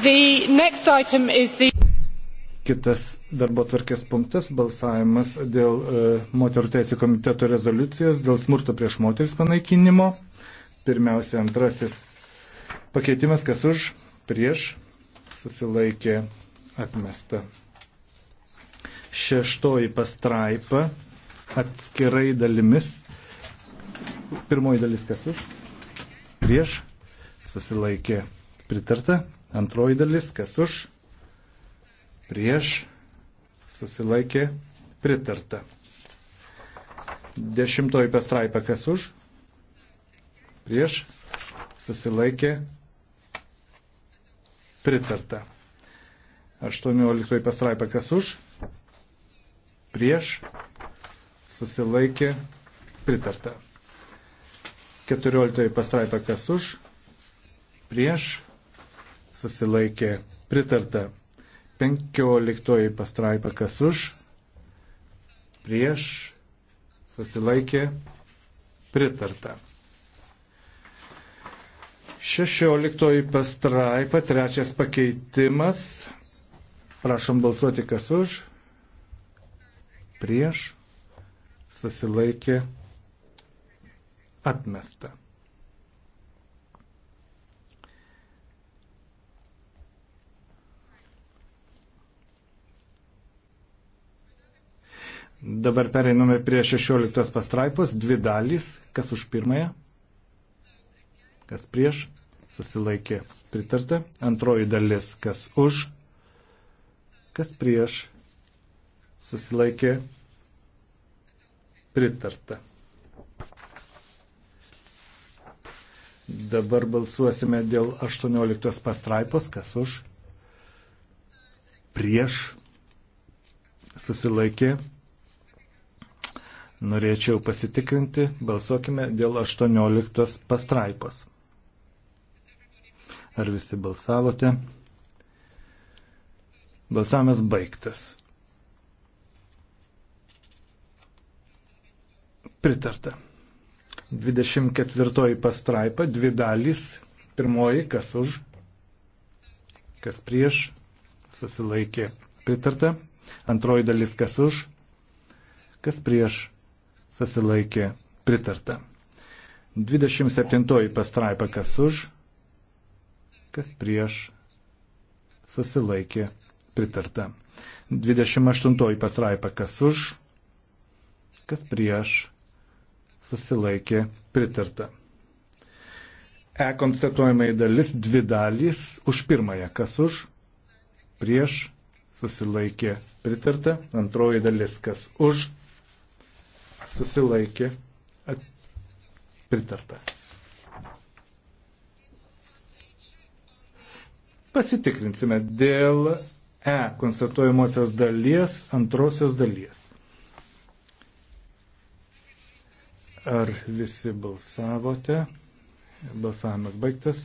The... Kitas darbo tvarkės punktas - balsavimas dėl e, moterų teisų komiteto rezoliucijos dėl smurto prieš moteris panaikinimo. Pirmiausia, antrasis pakeitimas, kas už, prieš, susilaikė, atmesta. Šeštoji pastraipa atskirai dalimis. Pirmoji dalis, kas už, prieš, susilaikė, atmesta pritarta. Antroji dalis, kas už, prieš, susilaikė, pritarta. Dešimtoji pastraipa, kas už, prieš, susilaikė, pritarta. Aštuonioliktoji pastraipa, kas už, prieš, susilaikė, pritarta. Keturioliktoji pastraipa, kas už, prieš, susilaikė pritarta. 15 pastraipa kas už, prieš, susilaikė pritarta. 16 pastraipa, trečias pakeitimas. Prašom balsuoti kas už, prieš, susilaikė atmesta. Dabar pereiname prie 16 pastraipos, dvi dalys, kas už pirmąją, kas prieš, susilaikė pritarta, antroji dalis, kas už, kas prieš, susilaikė pritarta. Dabar balsuosime dėl 18 pastraipos, kas už, prieš, susilaikė pritarta Norėčiau pasitikrinti, balsuokime dėl 18 pastraipos. Ar visi balsavote? Balsavimas baigtas. Pritarta. 24 pastraipa, dvi dalys. Pirmoji, kas už, kas prieš, susilaikė. Pritarta. Antroji dalis, kas už, kas prieš, susilaikė pritarta. 27 pastraipa kas už, kas prieš susilaikė pritarta. 28 pastraipa kas už, kas prieš susilaikė pritarta. E konstatuojamai dalis dvi dalys už pirmąją kas už, prieš susilaikė pritarta, antroji dalis kas už, susilaikė, at... pritarta. Pasitikrinsime dėl E konstatuojamosios dalies, antrosios dalies. Ar visi balsavote? Balsavimas baigtas.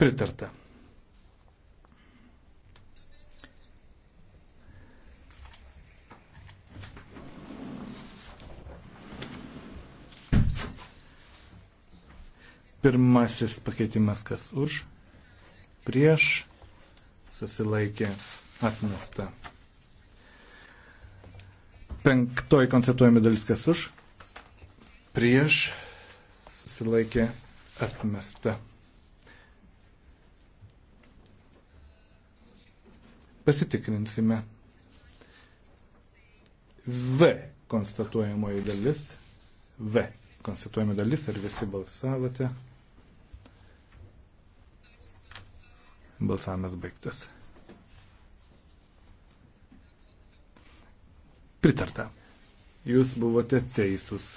Pritarta. Pirmasis pakeitimas kas už, prieš, susilaikė, atmesta. Penktoji konceptuojami dalis kas už, prieš, susilaikė, atmesta. Pasitikrinsime. V konstatuojamoji dalis. V konstatuojami dalis, ar visi balsavote. Balsavimas baigtas. Pritarta. Jūs buvote teisūs.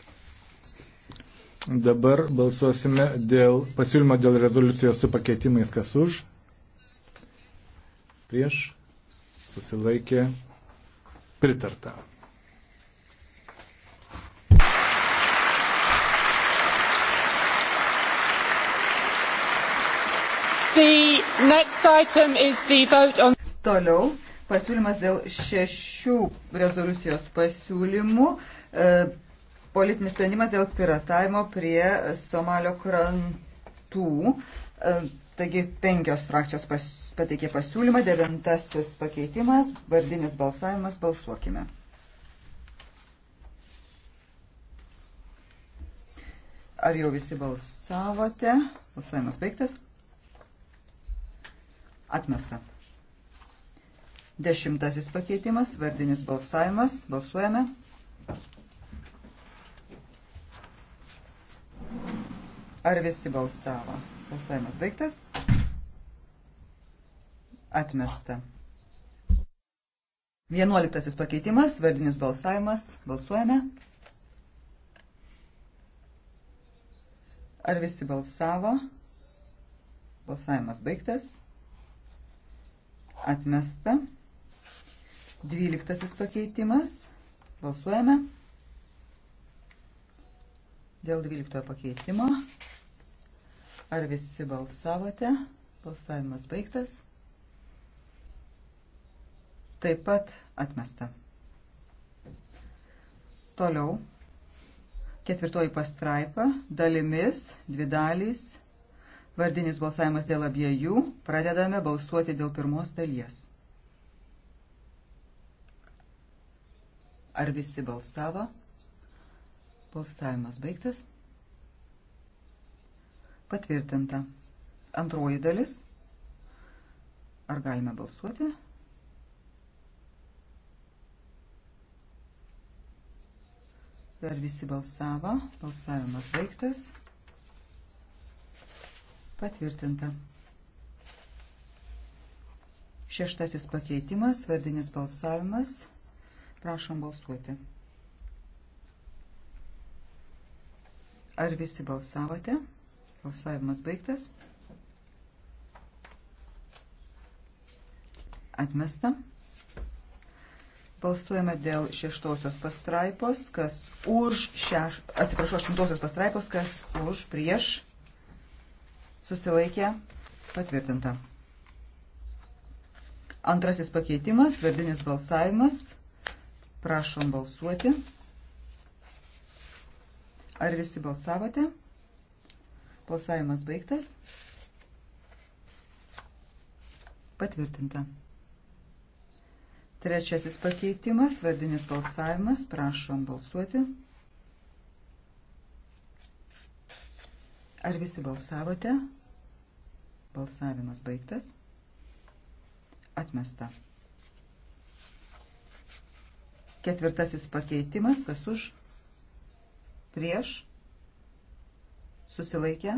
Dabar balsuosime dėl pasiūlymo dėl rezoliucijos su pakeitimais, kas už, prieš, susilaikė, pritarta. On... Toliau pasiūlymas dėl šešių rezoliucijos pasiūlymų. E, politinis sprendimas dėl piratavimo prie Somalio krantų. E, taigi penkios frakcijos pas, pateikė pasiūlymą, devintasis pakeitimas, vardinis balsavimas, balsuokime. Ar jau visi balsavote? Balsavimas baigtas. Atmesta. Dešimtasis pakeitimas, vardinis balsavimas. Balsuojame. Ar visi balsavo? Balsavimas baigtas. Atmesta. Vienuoliktasis pakeitimas, vardinis balsavimas. Balsuojame. Ar visi balsavo? Balsavimas baigtas. Atmesta. Dvyliktasis pakeitimas. Balsuojame. Dėl dvyliktojo pakeitimo. Ar visi balsavote? Balsavimas baigtas. Taip pat atmesta. Toliau. Ketvirtoji pastraipa. Dalimis. Dvi dalys. Vardinis balsavimas dėl abiejų. Pradedame balsuoti dėl pirmos dalies. Ar visi balsavo? Balsavimas baigtas. Patvirtinta. Antroji dalis. Ar galime balsuoti? Ar visi balsavo? Balsavimas baigtas. Patvirtinta. Šeštasis pakeitimas, vardinis balsavimas. Prašom balsuoti. Ar visi balsavote? Balsavimas baigtas. Atmesta. Balsuojame dėl šeštosios pastraipos, kas už šeš... atsiprašau, aštuntosios pastraipos, kas už prieš susilaikė, patvirtinta. Antrasis pakeitimas, vardinis balsavimas. Prašom balsuoti. Ar visi balsavote? Balsavimas baigtas. Patvirtinta. Trečiasis pakeitimas, vardinis balsavimas, prašom balsuoti. Ar visi balsavote? Balsavimas baigtas. Atmesta. Ketvirtasis pakeitimas, kas už, prieš, susilaikę,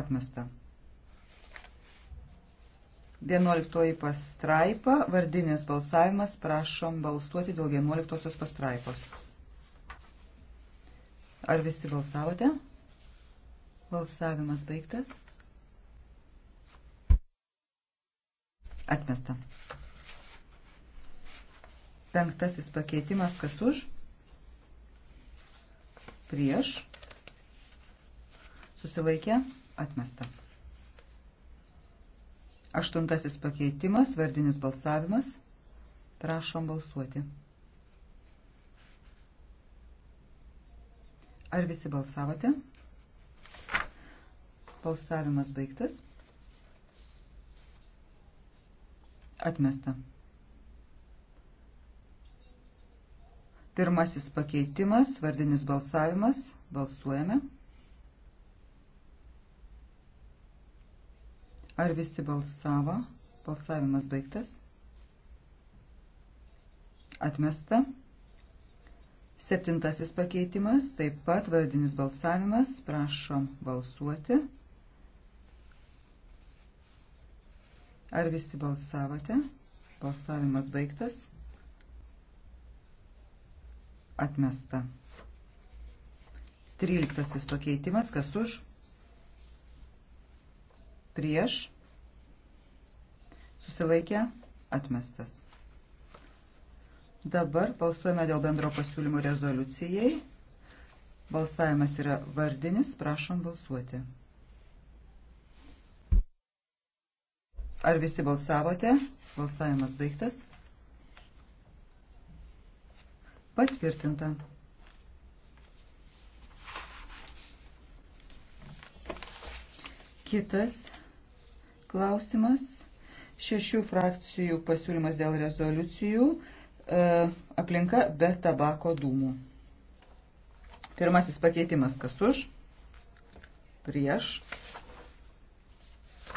atmesta. Vienuoliktoji pastraipa, vardinis balsavimas, prašom balsuoti dėl vienuoliktosios pastraipos. Ar visi balsavote? Balsavimas baigtas. Atmesta. Penktasis pakeitimas, kas už? Prieš. Susilaikė. Atmesta. Aštuntasis pakeitimas, vardinis balsavimas. Prašom balsuoti. Ar visi balsavote? Balsavimas baigtas. Atmesta. Pirmasis pakeitimas, vardinis balsavimas. Balsuojame. Ar visi balsavo? Balsavimas baigtas. Atmesta. Septintasis pakeitimas, taip pat vardinis balsavimas. Prašom balsuoti. Ar visi balsavote? Balsavimas baigtas. Atmesta. Tryliktasis pakeitimas. Kas už? Prieš. Susilaikę. Atmestas. Dabar balsuojame dėl bendro pasiūlymo rezoliucijai. Balsavimas yra vardinis. Prašom balsuoti. Ar visi balsavote? Balsavimas baigtas. Patvirtinta. Kitas klausimas. Šešių frakcijų pasiūlymas dėl rezoliucijų e, aplinka be tabako dūmų. Pirmasis pakeitimas kas už, prieš,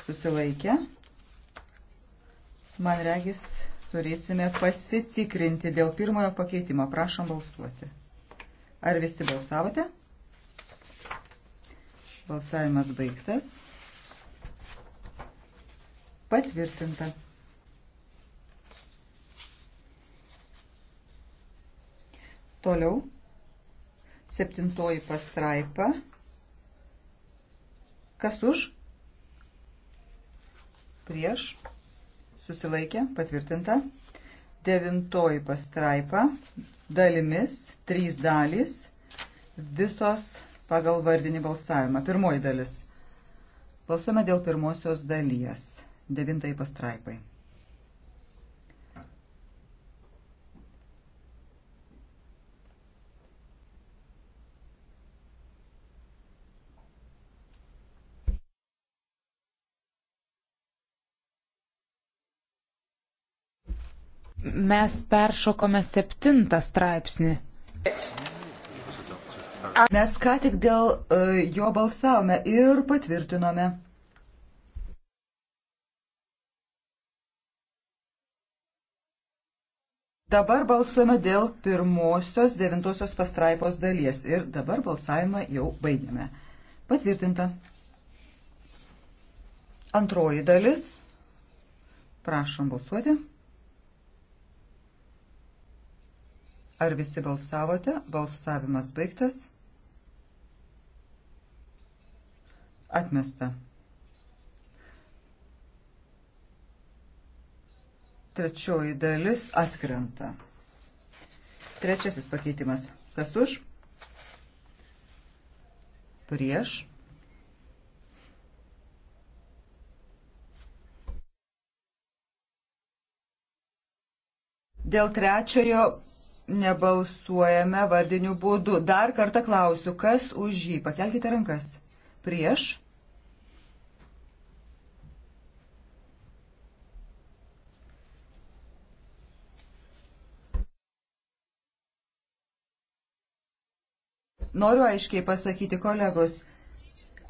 susilaikę. Man regis, turėsime pasitikrinti dėl pirmojo pakeitimo. Prašom balsuoti. Ar visi balsavote? Balsavimas baigtas. Patvirtinta. Toliau. Septintoji pastraipa. Kas už? Prieš. Prieš susilaikė, patvirtinta. Devintoji pastraipa, dalimis, trys dalys, visos pagal vardinį balsavimą. Pirmoji dalis. Balsuome dėl pirmosios dalies, devintai pastraipai. Mes peršokome septintą straipsnį. Mes ką tik dėl uh, jo balsavome ir patvirtinome. Dabar balsuojame dėl pirmosios devintosios pastraipos dalies ir dabar balsavimą jau baigėme. Patvirtinta. Antroji dalis. Prašom balsuoti. Ar visi balsavote? Balsavimas baigtas. Atmesta. Trečioji dalis atkrenta. Trečiasis pakeitimas. Kas už? Prieš. Dėl trečiojo nebalsuojame vardiniu būdu. Dar kartą klausiu, kas už jį? Pakelkite rankas. Prieš. Noriu aiškiai pasakyti kolegos,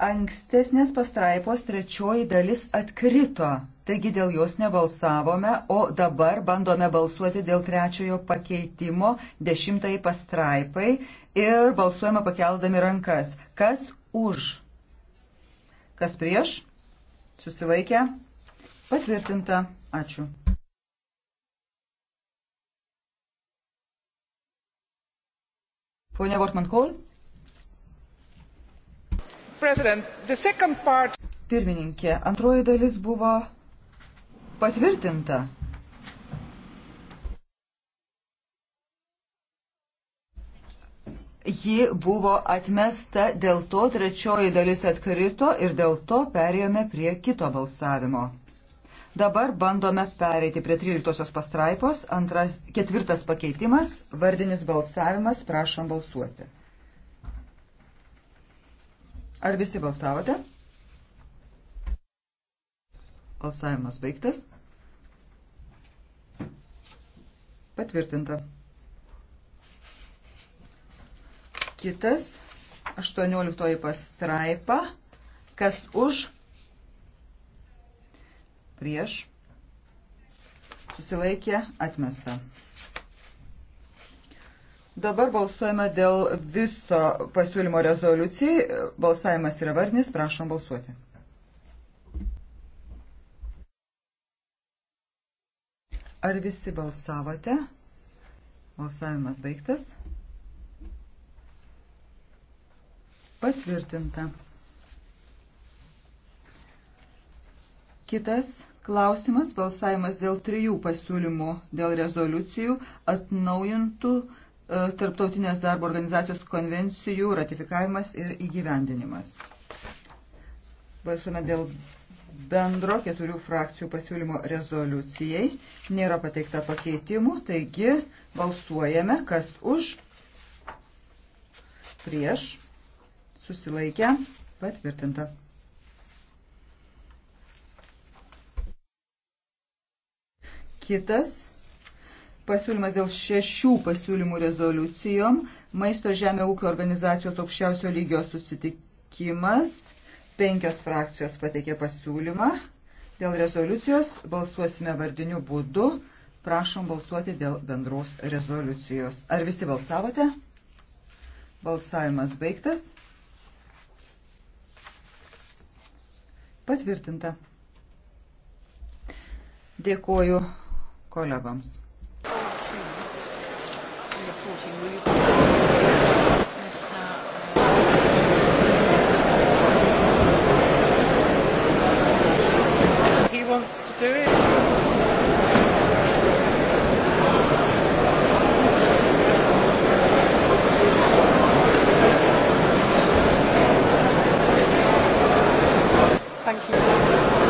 Ankstesnės pastraipos trečioji dalis atkrito, taigi dėl jos nebalsavome, o dabar bandome balsuoti dėl trečiojo pakeitimo dešimtai pastraipai ir balsuojame pakeldami rankas. Kas už? Kas prieš? Susilaikę? Patvirtinta. Ačiū. Ponia Vortman Kol? Part... Pirmininkė, antroji dalis buvo patvirtinta. Ji buvo atmesta, dėl to trečioji dalis atkrito ir dėl to perėjome prie kito balsavimo. Dabar bandome pereiti prie 13 pastraipos, antras, ketvirtas pakeitimas, vardinis balsavimas, prašom balsuoti. Ar visi balsavote? Balsavimas baigtas. Patvirtinta. Kitas, 18 pastraipa, kas už, prieš, susilaikė, atmesta. Dabar balsuojame dėl viso pasiūlymo rezoliucijai. Balsavimas yra vardinis, prašom balsuoti. Ar visi balsavote? Balsavimas baigtas. Patvirtinta. Kitas klausimas - balsavimas dėl trijų pasiūlymų dėl rezoliucijų atnaujintų Tarptautinės darbo organizacijos konvencijų ratifikavimas ir įgyvendinimas. Balsuome dėl bendro keturių frakcijų pasiūlymo rezoliucijai. Nėra pateikta pakeitimų, taigi balsuojame, kas už, prieš, susilaikę, patvirtinta. Kitas pasiūlymas dėl šešių pasiūlymų rezoliucijom, maisto žemė ūkio organizacijos aukščiausio lygio susitikimas, penkios frakcijos pateikė pasiūlymą dėl rezoliucijos, balsuosime vardiniu būdu, prašom balsuoti dėl bendros rezoliucijos. Ar visi balsavote? Balsavimas baigtas. Patvirtinta. Dėkoju kolegoms reporting. Will you Mr. He wants to do it. Thank you.